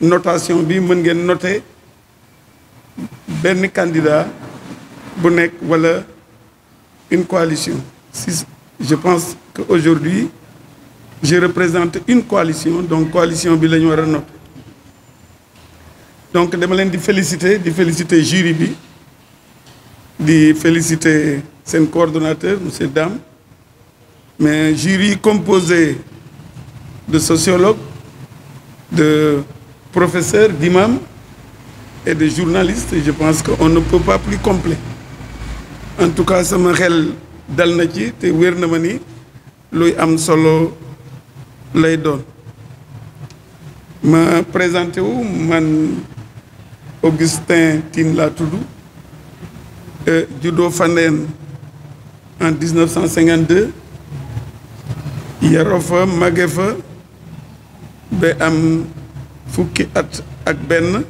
notation bi mën ngeen noter benn candidat bu nekk wala une coalition si je pense que aujourd'hui je représente une coalition donc coalition bi la ñu war a noter donc dama leen di féliciter di féliciter jury bi di féliciter seen coordonnateur monsieur Dame mais jury composé de sociologues de professeurs, d'imams et de journalistes je pense qu'on ne peut pas plus complet en tout cas sama xel dal na ci te wér na ma ni luy am solo lay doon ma présenté wu man Augustin Tine laa tudd euh, juddoo Fandène en 1952 yaroo fa màggee fa ba am fukki at ak benn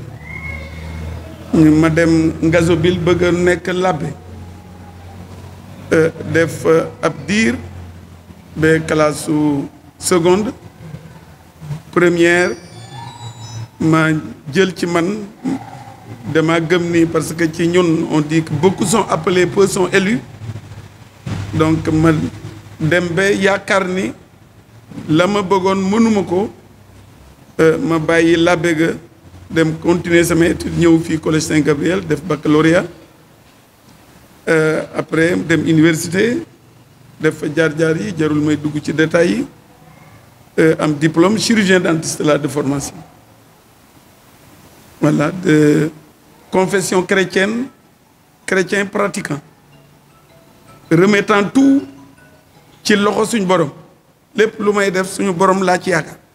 ma dem Ngazobil bëgg a nekk labbe euh, def euh, ab diir ba classe seconde première ma jël ci man dama gëm ni parce que ci ñun on dit que son sont appelés peu sont élus donc ma dem ba yaakaar ni la ma bëggoon mënuma ko Euh, ma bàyyi labbe ga dem continuer sama étude ñëw fii collège Saint Gabriel def baccalauréat euh, après dem université def fa jaar-jaar yi jarul may dugg ci détails yi euh, am diplôme chirurgien dentiste la de formation voilà de confession chrétienne chrétien pratiquant remettant tout ci loxo suñ borom lépp lu may def suñu borom laa ci yaakaar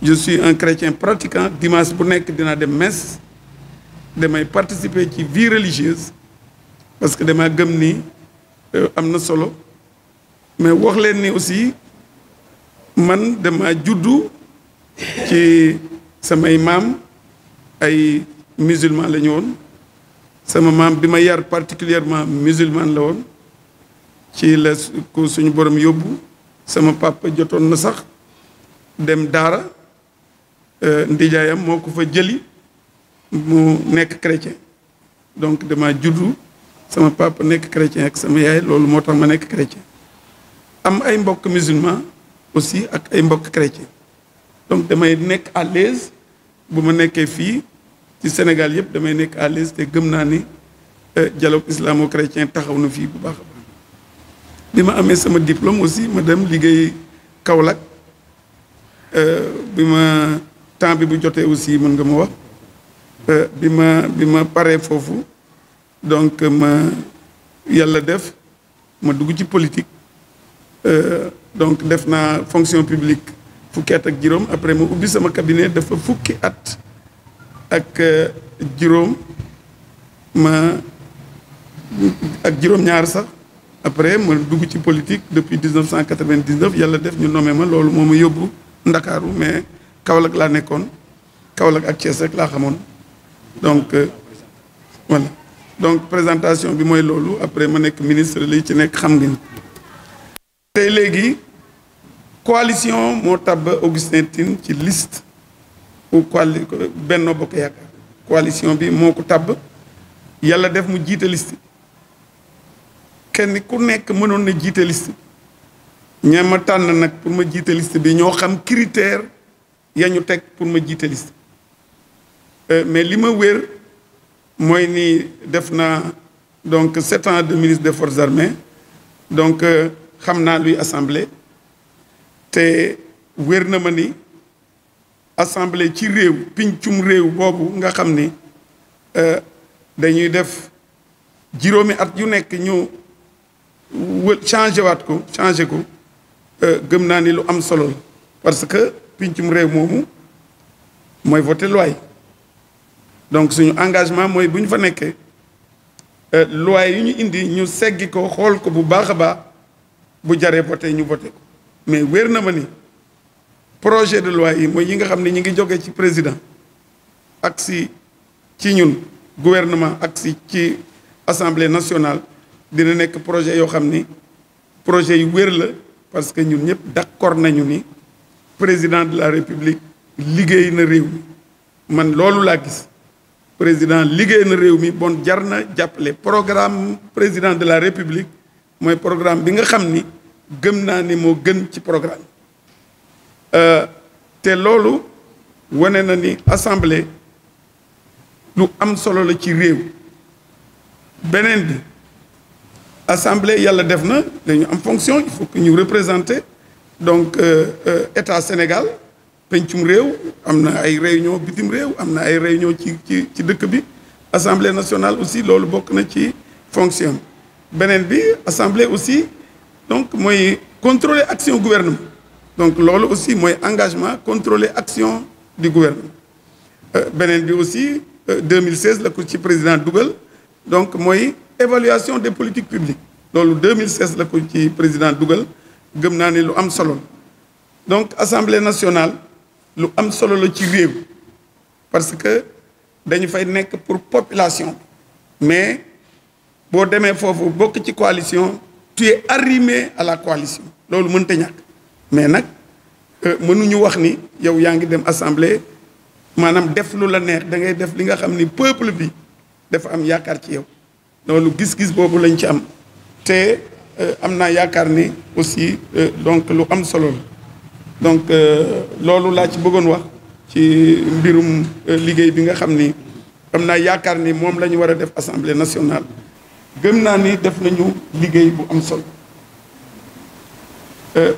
je suis un chrétien pratiquant dimanche bu nekk dinaa dem mes damay participer ci vie religieuse parce que damaa gëm ni euh, am na solo mais wax leen ni aussi man dama juddu ci samay maam ay musulman la ñu woon sama maam bi ma yar particulièrement musulman la woon ci la ko suñu borom yóbbu sama papa jotoon na sax dem daara Euh, ndijaayam moo ko fa jëli mu nekk chrétien donc dama juddu sama papa nekk chrétien ak sama yaay loolu moo tax ma nekk chrétien am ay mbokk musulman aussi ak ay mbokk chrétien donc damay nekk à bu ma nekkee fii ci Sénégal yëpp damay nekk à l'aise te gëm naa ni euh, dialogue islamo-chrétien taxaw na fii bu baax a baax bi ma amee sama diplôme aussi ma dem liggéey Kaolack euh, bi ma temps bi bu jotee aussi mën nga ma wax euh, bi ma bi ma paree foofu donc ma yàlla def ma dugg ci politique euh, donc def naa fonction publique fukki at ak juróom après ma ubbi sama cabinet dafa fukki at ak euh, juróom ma ak juróom-ñaar sax après ma dugg ci politique depuis 1999 yàlla def ñu nommé ma loolu moom ma yóbbu Ndakaaru mais Kaolack laa nekkoon Kaolack ak Thiès rek laa xamoon donc euh, voilà donc présentation bi mooy loolu après ma nekk ministre li ci nekk xam ngeen tey léegi coalition moo tabb Augustin Tine ci list ou coali Benno Bokk Yaakaar coalition bi moo ko tabb yàlla def mu jiite liste kenn ku nekk mënoon na jiite liste ña ma tànn nag pour ma jiite liste bi ñoo xam critère ya ñu teg pour ma jiite liste euh, mais li ma wér mooy ni def naa donc sept ans de ministre de forces armées donc euh, xam naa luy assemblée te wér na ma ni assemblée ci réew pincum réew boobu nga xam ni euh, dañuy def juróomi at yu nekk ñu wë changé waat ko changé ko gëm naa ni lu am solo parce que pincum réew moomu mooy voté loi donc suñu engagement mooy bu ñu fa nekkee euh, loi yu ñu indi ñu seggi ko xool ko bu baax a baax bu jaree voté ñu voté ko mais wér na ma ni projet de loi yi mooy yi nga xam ne ñu ngi jogee ci président ak si ci ñun gouvernement ak si ci assemblée nationale dina nekk projet yoo xam ni projet yu wér la parce que ñun ñëpp d'accord nañu ni président de la république liggéey na réew mi man loolu laa gis président liggéey na réew mi bon jar na jàppale programme président de la république mooy programme bi nga xam ni gëm naa ni moo gën ci programme euh, te loolu wane na ni assemblée lu am solo la ci réew beneen bi assemblée yàlla def na dañu am fonction il faut que ñu représenter donc euh, euh, état Sénégal pencum réew am na ay réunion bitim réew am na ay réunion ci ci ci dëkk bi assemblée nationale aussi loolu bokk na ci fonction beneen bi assemblée aussi donc mooy contrôler action gouvernement donc loolu aussi mooy engagement contrôler action di gouvernement euh, beneen bi aussi 2016 la ko ci président dugal donc mooy évaluation des politiques publiques loolu 2016 la ko ci président dugal gëm naa ne lu am solo la donc assemblée nationale lu am solo la ci réew parce que dañu fay nekk pour population mais boo demee foofu bokk ci coalition tu es arrimé à la coalition loolu mënta ñàkk mais nag euh, mënuñu wax ni yow yaa ngi dem assemblée maanaam def lu la neex da ngay def li nga xam ni peuple bi dafa am yaakaar ci yow loolu gis-gis boobu lañ ci am te Euh, am naa yaakaar ni aussi euh, donc lu am solo la donc euh, loolu laa ci bëggoon wax ci mbirum liggéey bi nga xam ni am naa yaakaar ni moom la ñu war a def assemblée nationale gëm naa ni def nañu liggéey bu am solo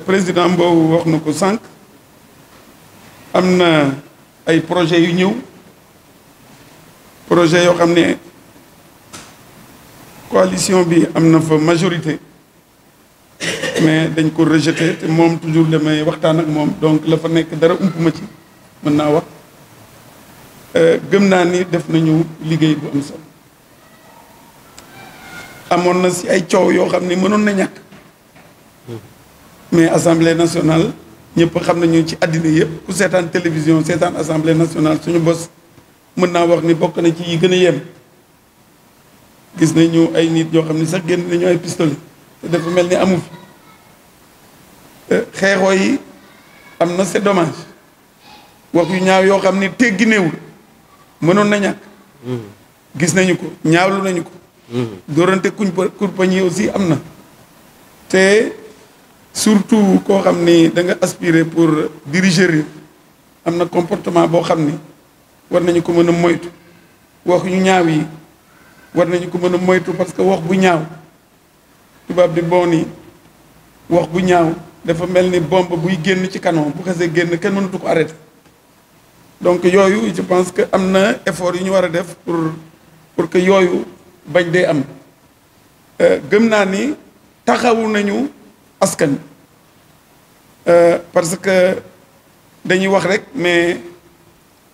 président Mbow wax na ko sànq am na ay projets yu ñëw projet yoo xam ne coalition bi am na fa majorité mais dañ ko rejeté te moom toujours damay waxtaan ak moom donc la fa nekk dara ump ma ci mën naa wax euh, gëm naa ni def nañu liggéey bu am solo amoon na si ay coow yoo xam ne mënoon na ñàkk mais assemblée nationale ñëpp xam nañu ci àddina yëpp ku seetaan télévision seetaan assemblée nationale suñu bos mën naa wax ni bokk na ci yi gën a yem gis nañu ay nit yoo xam ne sax génn nañu ay pistolet te dafa mel ni amu xeexoo yi am na c'est dommage wax yu ñaaw yoo xam ni teggi néewul mënoon na ñàkk mm-hmm. gis nañu ko ñaawlu nañu ko mm-hmm. dóorante kuñ kurpañi aussi am na te surtout koo xam ni da nga aspirer pour diriger réew am na comportement boo xam ni war nañu ko mën a moytu wax yu ñaaw yi war nañu ko mën a moytu parce que wax bu ñaaw tubaab di boo ni wax bu ñaaw dafa mel ni bomb buy génn ci canon bu xasee génn kenn mënatu ko arrêté donc yooyu je pense que am na effort yu ñu war a def pour pour que yooyu bañ dee am euh, gëm naa ni taxawu nañu askan euh, parce que dañuy wax rek mais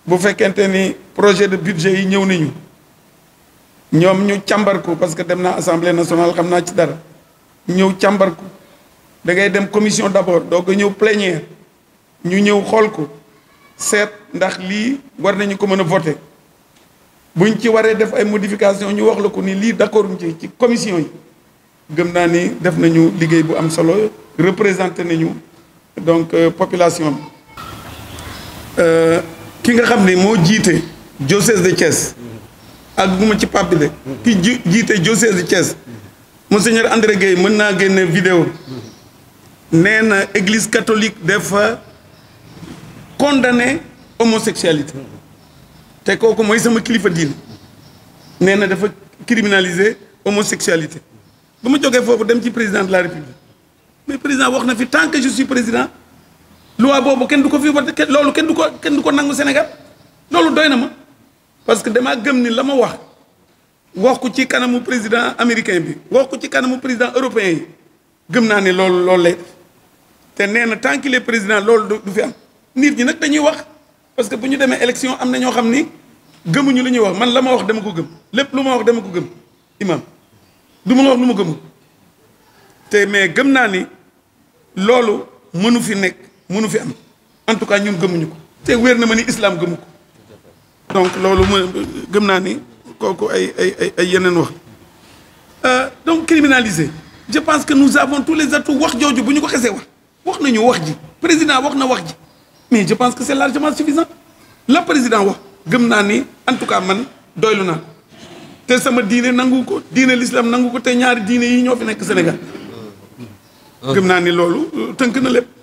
bu fekkente ni projet de budget yi ñëw nañu ñoom ñu càmbar ko parce que dem naa assemblée nationale xam naa ci dara ñëw càmbarku da ngay dem commission d'abord doog a ñëw plénière ñu ñëw xool ko seet ndax lii war nañu ko mën a voter buñ ci waree def ay modification ñu wax la ko nii lii d'accord ci ci commission yi gëm naa ni def nañu liggéey bu am solo représenté nañu donc euh, population bi euh, ki nga xam ne moo jiite diocèse de Thiès ak bu ma ci pape bi de ki jiite diocèse de Thiès monseigneur André Gueye mën naa génne vidéo nee na église catholique dafa condamné homosexualité te kooku mooy sama kilifa diine nee na dafa criminaliser homosexualité ba ma jógee foofu dem ci président de la république mais président wax na fi tant que je suis président loi boobu kenn du ko fi voté loolu kenn du ko kenn du ko nangu Sénégal loolu doy na ma parce que damaa gëm ni la ma wax wax ko ci kanamu président américain bi wax ko ci kanamu président européen yi gëm naa ni loolu loolu te nee na tant qu'il président loolu du fi am nit ñi nag dañuy wax parce que bu ñu demee élection am na ñoo xam ni gëmuñu lu ñuy wax man la ma wax dama ko gëm lépp lu ma wax dama ko gëm imam du ma la wax lu ma gëmul te mais gëm naa ni loolu mënu fi nekk mënu fi am en tout cas ñun gëmuñu ko te wér na ma ni islam gëmu ko donc loolu ma gëm naa ni kooku ay ay ay yeneen wax euh, donc criminaliser je pense que nous avons tous les atouts wax jooju bu ñu ko xesee wax wax nañu wax ji président wax na wax ji mais je pense que c'est largement suffisant la président wax gëm naa ni en tout cas man doylu naa te sama diine nangu ko diine l'islam nangu ko te ñaari diine yi ñoo fi nekk Sénégal gëm naa ni loolu euh, tënk na lépp